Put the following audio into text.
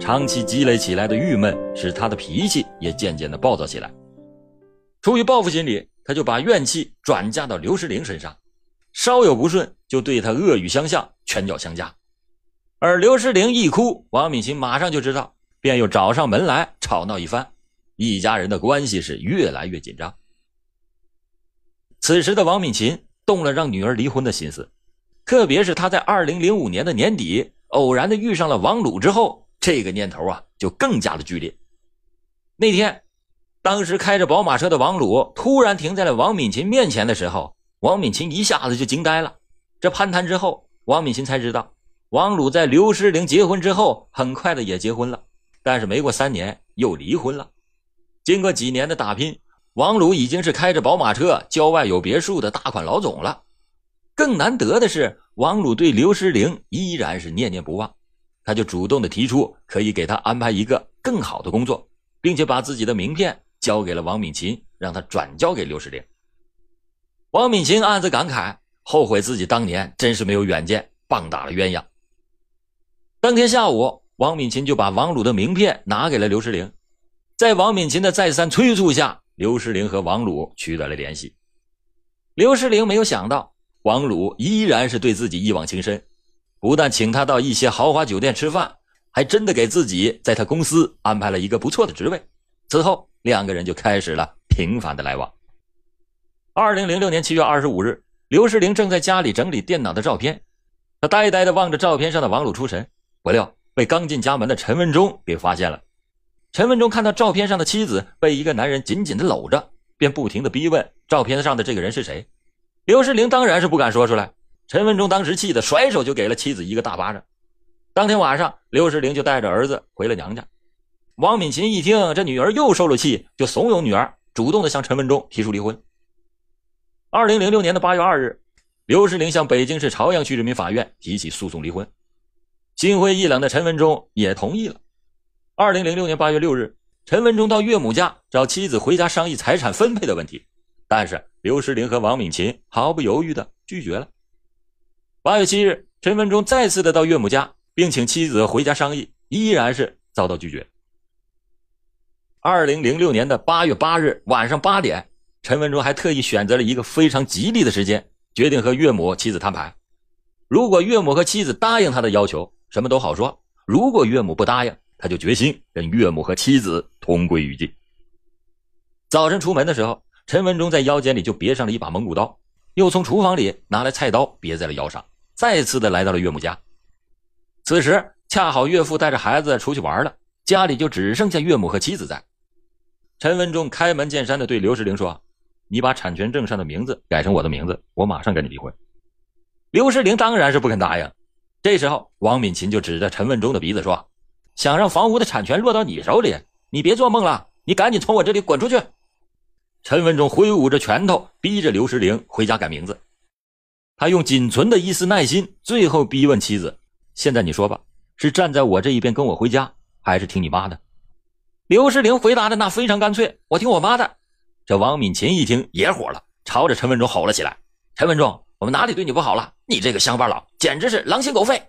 長期積累起來的鬱悶，使他的脾氣也漸漸的暴躁起來。出於報復心理，他就把怨氣轉嫁到劉世玲身上，稍有不順就對他惡語相向、拳腳相加。而劉世玲一哭，王敏琴馬上就知道，便又找上門來吵鬧一番，一家人的關係是越來越緊張。此時的王敏琴動了讓女兒離婚的心思，特別是他在二零零五年的年底，偶然的遇上了王魯之後。這個念頭啊，就更加的劇烈。那天，當時開着寶馬車的王魯突然停在了王敏琴面前的時候，王敏琴一下子就驚呆了。這攀談之後，王敏琴才知道，王魯在劉詩玲結婚之後，很快的也結婚了，但是沒過三年又離婚了。經過幾年的打拼，王魯已經是開着寶馬車、郊外有別墅的大款老總了。更難得的是，王魯對劉詩玲依然是念念不忘。他就主動地提出可以給他安排一個更好的工作，並且把自己的名片交給了王敏琴，讓他轉交給劉世玲。王敏琴暗自感慨，後悔自己當年真是沒有遠見，棒打了鴛鴦。當天下午，王敏琴就把王魯的名片拿給了劉世玲。在王敏琴的再三催促下，劉世玲和王魯取得了聯繫。劉世玲沒有想到，王魯依然是對自己一往情深。不但請他到一些豪華酒店吃飯，還真的給自己在他公司安排了一個不錯的職位。此後，兩個人就開始了頻繁的來往。二零零六年七月二十五日，劉世玲正在家裡整理電腦的照片，他呆呆的望着照片上的王璐出神，不料被剛進家門的陳文忠給發現了。陳文忠看到照片上的妻子被一個男人緊緊的摟着，便不停的逼問照片上的這個人是誰。劉世玲當然是不敢說出來。陳文忠當時氣得甩手就給了妻子一個大巴掌。當天晚上，劉世玲就帶着兒子回了娘家。王敏琴一聽這女兒又受了氣，就慫恿女兒主動的向陳文忠提出離婚。二零零六年的八月二日，劉世玲向北京市朝陽區人民法院提起訴訟離婚。心灰意冷的陳文忠也同意了。二零零六年八月六日，陳文忠到岳母家找妻子回家商議財產分配的問題，但是劉世玲和王敏琴毫不猶豫的拒絕了。八月七日，陳文忠再次的到岳母家，並請妻子回家商議，依然是遭到拒絕。二零零六年的八月八日晚上八點，陳文忠還特意選擇了一個非常吉利的時間，決定和岳母妻子攤牌。如果岳母和妻子答應他的要求，什麼都好說；如果岳母不答應，他就決心跟岳母和妻子同歸於盡。早晨出門的時候，陳文忠在腰間裡就別上了一把蒙古刀。又從廚房裡拿來菜刀，別在了腰上，再次的來到了岳母家。此時恰好岳父帶着孩子出去玩了，家裡就只剩下岳母和妻子在。陳文忠開門見山的對劉世玲說：“你把產權證上的名字改成我的名字，我馬上跟你離婚。”劉世玲當然是不肯答應。這時候，王敏琴就指着陳文忠的鼻子說：“想讓房屋的產權落到你手裡？你別做夢了！你趕緊從我這裡滾出去！”陳文忠揮舞着拳頭，逼着劉詩玲回家改名字。他用僅存的一絲耐心，最後逼問妻子：“現在你說吧，是站在我這一邊跟我回家，還是聽你媽的？”劉詩玲回答的那非常乾脆：“我聽我媽的。”這王敏琴一聽也火了，朝着陳文忠吼了起來：“陳文忠，我們哪裡對你不好了？你這個鄉巴佬，簡直是狼心狗肺！”